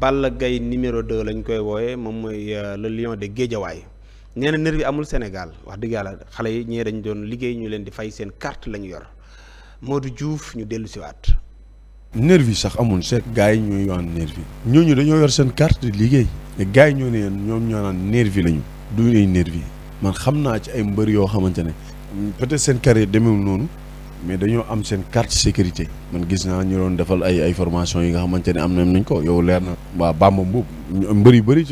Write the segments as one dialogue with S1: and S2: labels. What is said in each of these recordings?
S1: Balla gay numéro de lañ koy wooye moom mooy euh, la lion de géejawaay nee na nervi amul Sénégal wax dëgg yàlla xale yi ñee dañu doon liggéey ñu leen di fay seen carte lañu yor moo Modou juuf ñu dellu si waat
S2: nervi sax amul seet gars yi ñooy yoon nervi ñooñu dañoo yor seen carte liggéey te gars yi ñoo ne ñoom ñoo naan nervi lañu du ay nervi man xam naa ci ay mbër yoo xamante ne peut seen carrière demeewul noonu mais dañoo am seen carte sécurité man gis naa ñu doon defal ay ay formation yi nga xamante ne am nañ ko yow leer na waa Bamba Mbuub mbër yu bëri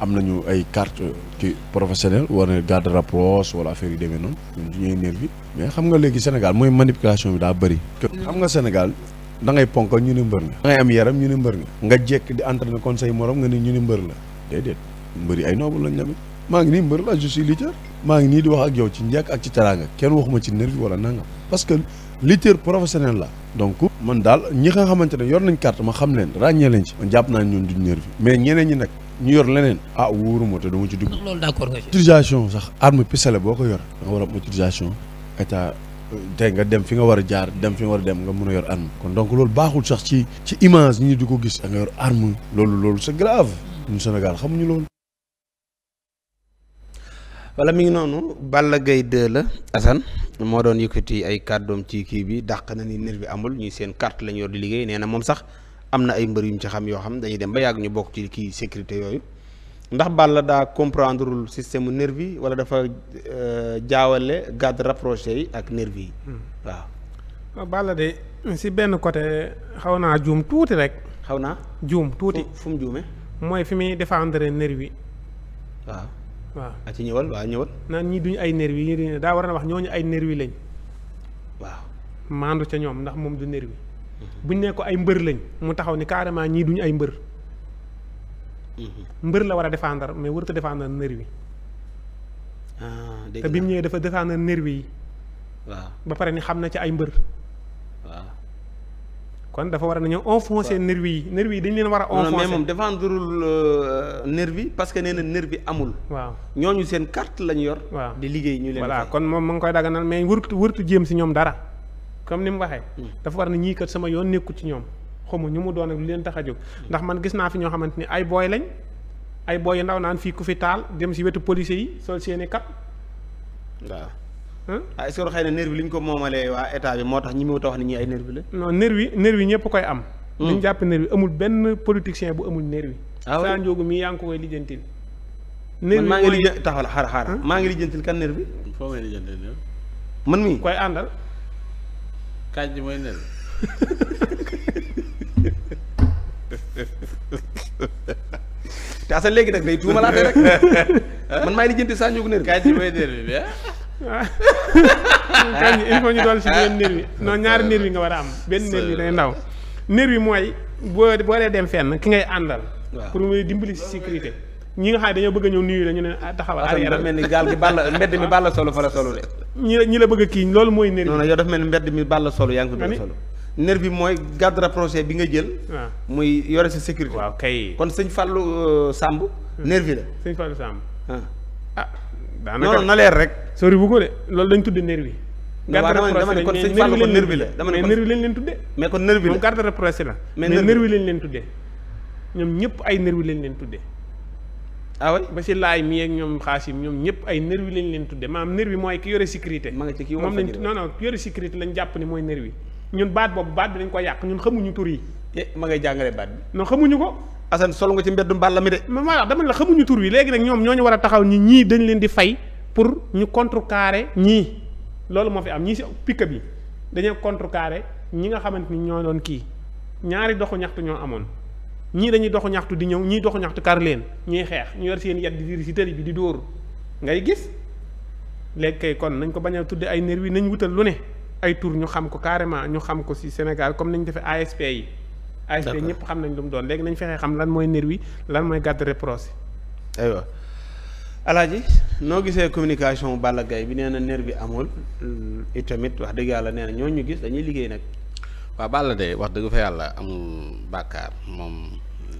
S2: am nañu ay carte ci professionnelle war na garde rapproche wala affaire yu demee noonu ñun du ñuy nervi mais xam nga léegi Sénégal mooy manipulation bi daa bëri xam nga Sénégal da ngay ponkal ñu ne mbër nga am yaram ñu ne mbër nga nga jekk di entraîner conseil morom nga ne ñu ne mbër la déedéet mbër yi ay noobu lañ tamit maa ngi nii mbër la je suis maa ngi nii di wax ak yow ci njëkk ak ci teraanga kenn waxuma ci nervi wala nangam parce que lutteur professionnel la donc man daal ñi nga xamante ne yor nañ carte ma xam leen ràññee leen ci man jàpp naa ñoon duñ nervi mais ñeneen ñi nag ñu yor leneen ah wóoruma te dama ci dugg loolu d'accord nga ci utilisation sax arme pistolet boo ko yor da nga war a am euh, nga dem fi nga war a jaar dem fi nga war a dem nga mun a yor arme kon donc loolu baaxul sax ci ci image ñi di ko gis da nga yor arme loolu loolu c'est grave ñun Sénégal xamuñu loolu
S1: wala mi ngi noonu Balla Gaye 2 la Assane moo doon yëkkati ay kàddoom ci kii bi dàq na ni nerf bi amul ñuy seen carte lañ yor di liggéey nee na moom sax am na ay mbër yu ñu ci xam yoo xam dañuy dem ba yàgg ñu bokk ci kii sécurité yooyu ndax ball daa comprendreul système nerf yi wala dafa euh, jaawale garde rapproché yi ak nerf yi hmm. waaw. waaw de si benn côté xaw naa juum tuuti rek. xaw naa juum tuuti fu juume mooy fi muy défendre nerf yi waaw. waaw a ah, ci ñëwal waaw ñëwal. naan ñii duñu ay nervi yi ñu daa war a wax ñooñu ay nervi lañ. waaw maandu ca ñoom ndax moom du nervi mhm. buñ ne ko ay mbër lañ mu taxaw ni carrément ñii duñu ay mbër. Mhm. mbër la war a défendre mais warut a défendre nervi yi. Ah, te bi mu ñëwee dafa défendre nervi yi. waaw ba pare ni xam na ci ay mbër. kon dafa war a nañoo enfoncer nervi yi nervi yi dañ leen war a. enfoncer mais moom défendrul euh, nervi parce que nee na nervi amul. waaw ñoo ñu seen carte lañ yor. waaw di liggéey ñu leen. voilà kon moom mu ngi koy daganal mais wërtu wërtu jéem si ñoom dara comme ni mu waxee. Hmm. dafa war na ñii kat sama yoon nekkul ci ñoom xamu ñu mu doon ak lu leen tax a jóg. Hmm. ndax man gis naa fi ñoo xamante ni ay booy lañ ay booy yu ndaw naan fii ku fi taal dem si wetu policiers yi sol seeni cap ah est-ce que xëy na nervi li ko moomalee waa état bi moo tax ñi mu wut a wax ni ñi ay nervi la. non nervi nervi ñëpp koy am. li hmm. ñu jàpp nervi amul benn politicien bu amul nervi. ah saa njóogu mii koy lijjantil. nervi maa xaar maa ngi lijjantil kan nervi. foo may man mii koy àndal. kaaj ji mooy day tuumalaate rek man maay lijjantil saa njóogu nervi. kaaj ji mooy nervi waaw ah. il faut ñu dool si benn nervi non ñaari nervi nga war a am benn nervi day ndaw nervi mooy boo boo dee dem fenn ki ngay àndal pour muy dimbali si sécurité ñi nga dañoo bëgg ñëw nuyu la ñu ne ah, taxawal arrière dafa mel ni gaal gi bàll mbedd mi bàll solo fa la la bëgg kii loolu mooy nervi non non yow dafa mel ni mbedd mi bàll solo yaa ngi ko doon solo mooy garde rapproché bi nga jël ah. muy yore sa sécurité waaw kay kon sëñ Fallou euh, Samb hmm. nervi la sëñ Fallou Samb daanaka non na leer rek. sori bu ko de loolu dañ tudd nervi bi. waaw dama ne kon sëñ Fallou kon nervi la dama ne kon nervi lañ leen tuddee. mais kon nervi la moom garde leen tuddee ñoom ñëpp ay nervi lañ leen tuddee. ah ba si laay mi ak ñoom xaasim ñoom ñëpp ay nervi lañ leen tuddee maanaam nervi mooy ki yore sécurité. ma nga ci kii moom lañ non non ki yore sécurité lañ jàpp ni mooy nervi ñun baat boobu baat bi dañ ko yàq ñun xamuñu tur yi. ma ngay jàngale baat bi non xamuñu ko Assane sol nga ci mbeddu mbàll mi de. ma wax dama la xamuñu tur wi léegi nag ñoom ñoo ñu war a taxaw ñi ñii dañ leen di fay pour ñu contrecarrer ñii loolu moo fi am ñii si pick bi dañoo contre contrecarrer ñi nga xamante ni ñoo doon kii ñaari doxu ñaxtu ñoo amoon ñii dañuy doxu ñaxtu di ñëw ñii doxu ñaxtu kar leen ñuy xeex ñu yor seen yat di diir si tëri bi di dóor ngay gis léegi kay kon nañ ko bañ a tudde ay nervi nañ wutal lu ne ay tur ñu xam ko carrément ñu xam ko si Sénégal comme nañ defee ASP ASP ñëpp xam nañ lu mu doon léegi nañ fexee xam lan mooy nervi lan mooy garde rapprochée aywa alaaji noo gisee communication Balla gay bi nee na nervi amul mm, itamit wax dëgg yàlla nee na ñoo ñu gis dañuy liggéey nag waaw Balla de wax dëgg fa yàlla amul bàkkaar moom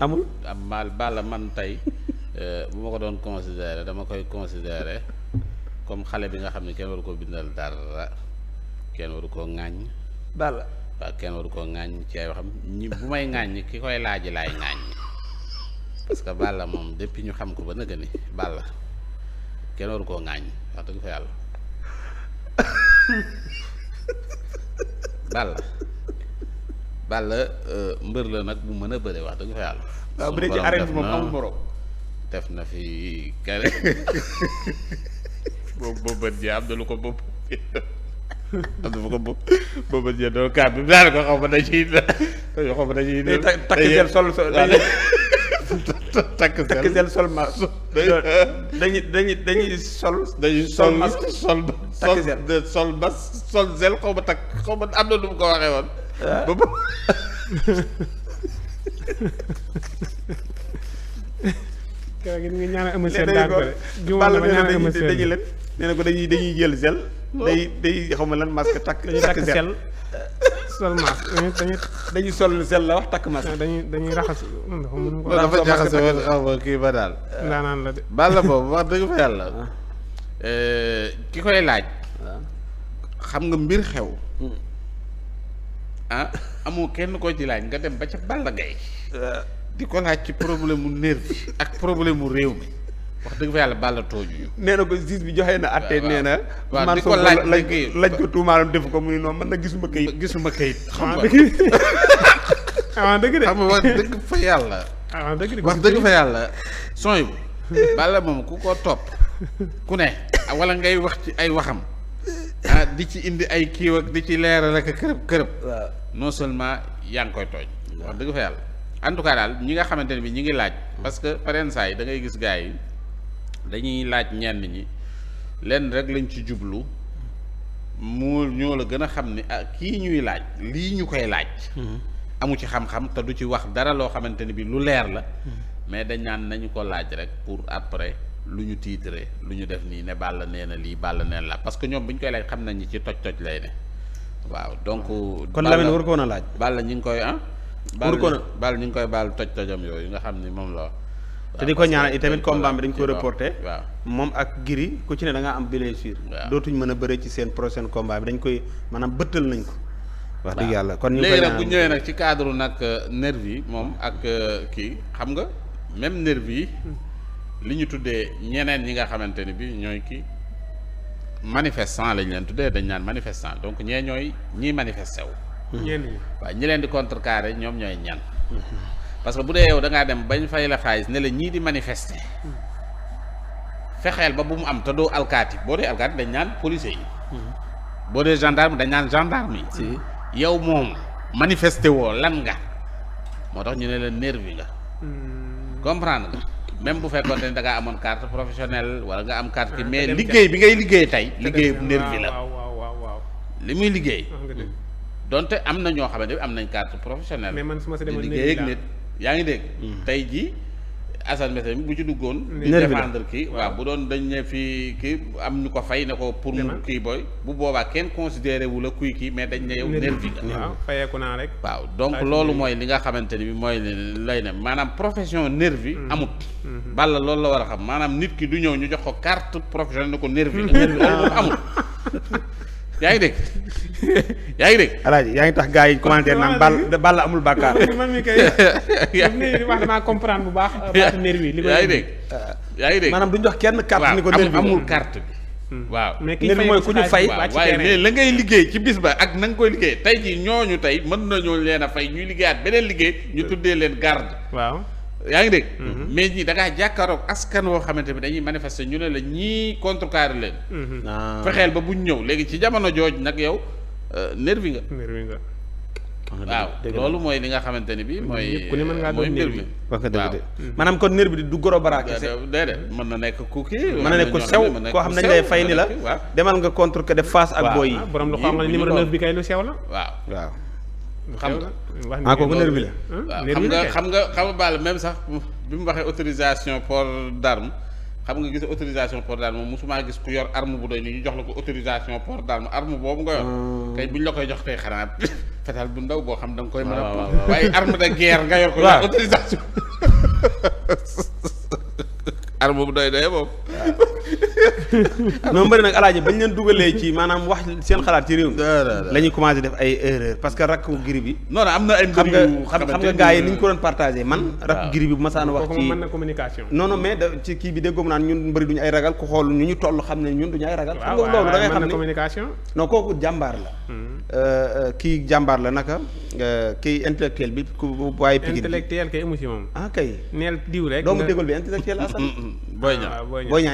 S1: amul am Balla man tey euh, bu ma ko doon considéré dama koy considéré comme xale bi nga xam ne kenn waru ko bindal dara kenn waru koo ŋàññ Balla kenn waru koo ŋaañ ci ay waxam ñi bu may ŋaañ ki koy laaj laay ŋaañ parce que Balla moom depuis ñu xam ko ba nëgë ni Balla kenn waru koo ŋaañ wax dëgg fa yàlla Balla Balla euh, mbër la nag bu mën a bëre wax dëgg fa yàlla. waaw bu dee ci arène bi moom amul morom def na fi kare boobu bët ji am na ko bopp. am na ko boobu boobu jël doon kaat bi daal ko xaw ba dañuy xaw ma dañuy. day takk sol takk seen sol ma dañuy dañuy dañuy sol. dañuy sol sol takk seen sol bas sol zel xaw ma takk xaw ba am na nu mu ko waxee woon. Ah. boobu. keroog it nga ñaanal am seen daan ko dañuy leen. nee na ko dañuy dañuy jël zel. day day xaw ma lan masque takk. dañuy takk zel sol masque dañuy sol zel la wax takk masque. Ah, dañuy dañuy raxas. dafa jaxase woon xaw ma kii ba daal. Euh, ndaanaan boobu wax dëgg fa yàlla. Ah. Euh, ki koy laaj. Ah. xam nga mbir xew. Hmm. ah amoo kenn koo ci laaj nga dem ba ca Balla Gaye di ko laaj ci problème mu nerf ak problème mu réew mi. wax dëgg fa yàlla Balla tooñu. nee na ko juge bi joxe na àtte nee na. waaw di ko laaj laaj ko tuumaalam def ko mu ni noonu man nag gisuma kayit. gisuma kayit xam nga ah dëgg de xam nga fa yàlla. ah dëgg de wax dëgg fa yàlla son yu. Balla moom ku ko topp ku ne wala ngay wax ci ay waxam. ah di ci indi ay kiiw ak di ci leeral ak kërëb kërëb. non seulement yaa ngi koy tooñ. waa dëgg fa yàlla en tout cas daal ñi nga xamante ne bi ñi ngi laaj. parce que pareen saa yi da ngay gis gars yi. dañuy laaj ñenn ñi lenn rek lañ ci jublu mu ñoo la gën a xam ni ah kii ñuy laaj lii ñu koy laaj. Mm-hmm. amu ci xam-xam te du ci wax dara loo xamante ni bi lu leer la. Mm-hmm. mais dañ naan nañu ko laaj rek pour après lu ñu tiitre lu ñu def nii ne Balla nee na lii Balla nee na la parce que ñoom bu ñu koy laaj xam nañ ni ci toj-toj lay ne. waaw donc. kon Lamine war ko woon laaj. Balla ñu ngi koy ah. war ko woon a ñu ngi koy baal toj-tojam yooyu nga xam ni moom la.
S2: te di ko ñaanal itamit combat bi dañ ko reporté
S1: waaw moom ak giri ku ci ne da ngaa am blessure dootuñ mën a bëre ci seen prochain combat bi dañ koy maanaam bëttal nañ ko wax dëgg yàlla kon léegi nag bu ñëwee nag ci cadre nag euh, nervi yi moom ak euh, kii xam nga même nervi yi hmm. li ñu tuddee ñeneen ñi nga xamante ni bi ñooy kii manifestant lañ leen tuddee dañ naan manifestant donc ñee ñooy ñiy manifesté wu hmm. ñenn ñi waaw ñi leen di contrecarrer ñoom ñooy ñan hmm. parce que bu dee yow da ngaa dem bañ fay la xaalis ne la ñii di manifester fexeel ba bu mu am ta doo alkaati boo dee alkaati dañ naan policier yi. boo dee gendarme dañ naan gendarme yi. si yow moom manifester woo lan nga moo tax ñu ne leen nervi nga. Hmm. comprendre nga. même bu fekkoon ne da ngaa amoon carte professionnelle wala nga am carte ki ah, mais liggéey bi ngay liggéey tey liggéey bu nervi la li muy liggéey ah, donte am na ñoo xamante ne am nañ carte professionnelle ma si demoon yaa ngi dégg. Hmm. tey jii Assane Mese bu ci duggoon. di défendre kii waaw bu doon dañ ne fi ki am ñu ko fay ne ko pour mu kii booy. bu boobaa kenn considéré wu kuy kii mais dañ ne yow. nervi waaw fayeeku naa rek. waaw donc loolu mooy li nga xamante ni mooy lay ne maanaam profession nervi hmm. amut. Hmm. Balla loolu la war a xam maanaam nit ki du ñëw ñu jox ko carte professionnelle ne ko nervi ah. amut. yaa ngi dégg yaa ngi dégg. alaaji yaa ngi tax gaa yi commentaire naan Balla Balla amul bàkkaar. man mi bu baax. baatu nerf yi li yaa ngi dégg. yaa ngi dégg maanaam duñ jox kenn carte. ni ko nerf amul carte bi. Hmm. waaw mais ki mooy ku ñu fay. waaye mais la ngay liggéey ci bis ba ak na nga koy liggéey tey ñoo ñu tey mën nañoo leen a fay ñuy liggéeyaat beneen liggéey ñu hmm. tuddee leen garde. waaw. yaa ngi dégg. Mm-hmm. Mm-hmm. mais ñii dangaa ngaa askan woo xamante ne dañuy manifester ñu ne la ñii contrecarrer leen. Mm-hmm. Ah. fexeel ba buñ ñëw léegi ci jamono jooj nag yow euh, nervi nga. nervi nga. Ah, waaw loolu mooy li nga xamante ne bii mooy. ku ne mën ngaa doon nervi wax maanaam kon nervi di du goro baraa mën na nekk ku kii. mën na ku sew koo xam nañ lay fay ni la. demal nga contre que def face ak. booy yi ah, borom lu xam nga numéro 9 bi kay lu sew la waaw. Ah, xam nga ah kooku nervi xam nga xam nga xam sax bi mu waxee autorisation port d'arme xam nga gis autorisation port d'arme moom mosumaa gis ku yor arme bu doy ni ñu jox la ko autorisation port d'arme arme boobu nga yor. Ah. kay buñ la koy jox kay xanaa fetal bu ndaw boo xam da nga koy mën a. waaye arme de guerre nga yor ko. autorisation. arme bu doy doy boobu. non mbëri nag alaaji bañ leen dugalee ci maanaam wax seen xalaat ci réew mi la ñuy commencé def ay erreur parce que rakku giri bi non am na ay mbir yu xam nga ko doon partagé man rakku giri bi bu ma saan wax ci mën na communication non non mais da ci kii bi déggoo naan ñun mbëri duñu ay ragal ku xool ñu ñu toll xam ne ñun duñu ay ragal xam nga loolu da ngay xam ne communication non kooku jàmbaar la hmm. euh, euh, kii jàmbaar la naka euh, kii intellectuel bi ku waaye pigir intellectuel kay amu ci moom ah kay neel doomu déggul bi intellectuel la sax booy ñaa booy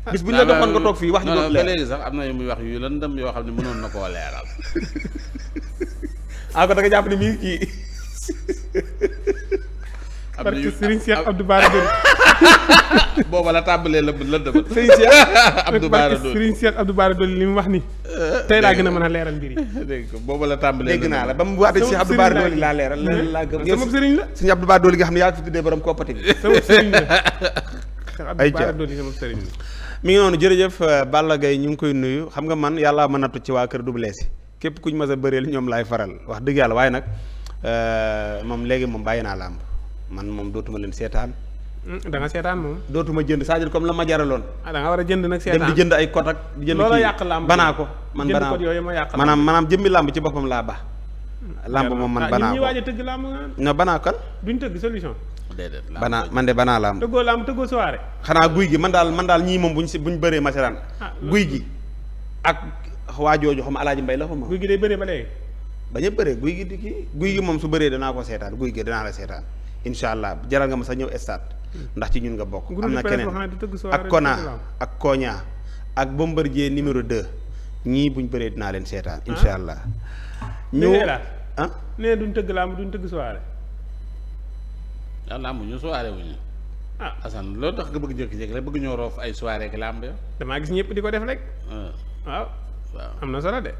S2: bis bu ñu la joxoon nga toog fii wax ñu doon leer léegi
S1: sax am na yu muy wax yu lëndëm yoo xam ne mënoon na koo leeral. ah kon da jàpp ne mi ngi kii. am na yu Serigne Cheikh Abdou Bara la tàmbalee la lëndëmal. Serigne Cheikh Abdou Bara Dolly Serigne Cheikh Abdou Bara Dolly li mu wax ni tey laa gën a mën a leeral mbir yi. dégg nga booba la tàmbalee dégg naa la ba mu waatee Cheikh Abdou Bara Dolly laa leeral. laa gëm sama Serigne la. Serigne Abdou Bara Dolly nga xam ne yaa ngi fi tuddee borom koppati bi. sama mi ngi noonu jërëjëf euh, Balla Gaye ñu ngi koy nuyu xam nga man yàlla mën nattu ci waa kër Double Less képp ku kuñ mas a bëreel ñoom laay faral wax dëgg yàlla waaye nag euh, moom léegi moom bàyyi naa làmb man moom dootuma leen seetaan mm, da seetaan dootuma jënd cest comme la ma jaraloon ah da war a jënd nag seetaan jënd ay kot ak di jënd yàq làmb banaa ko man banaa ko yooyu ma yàq maanaam maanaam jëmmi làmb ci boppam laa ba mm, làmb moom man ah, banaa ko ñi a tëgg làmb nga na banaa kan ñu tëgg solution déedéet banaa man de banaa la am. tëggoo la am tëggoo soirée. xanaa guy gi man daal man daal ñii moom buñ si buñ bëree masaraan. Ah, guy gi ak waa jooju xam alaaji mbay la xam guy gi day bëree ba léegi. bañ a bëree guy gi di kii guy gi moom su bëree danaa ko seetaan guy gi danaa la incha allah jaral nga ma sax ñëw stade ndax ñun nga bokk. am na keneen ak Kona ak Koña ak Bombardier numéro 2 buñ bëree dinaa leen seetaan. incha ah. allah ñu ah? nee duñ tëgg làmb duñ tëgg soirée yow làmb ñu soirée wuñu ah Assane loolu tax nga bëgg jékki-jékki la bëgg ñoo roof ay soirée ak làmb yow damaa gis ñëpp di ko def rek ah. waaw waaw am na solo de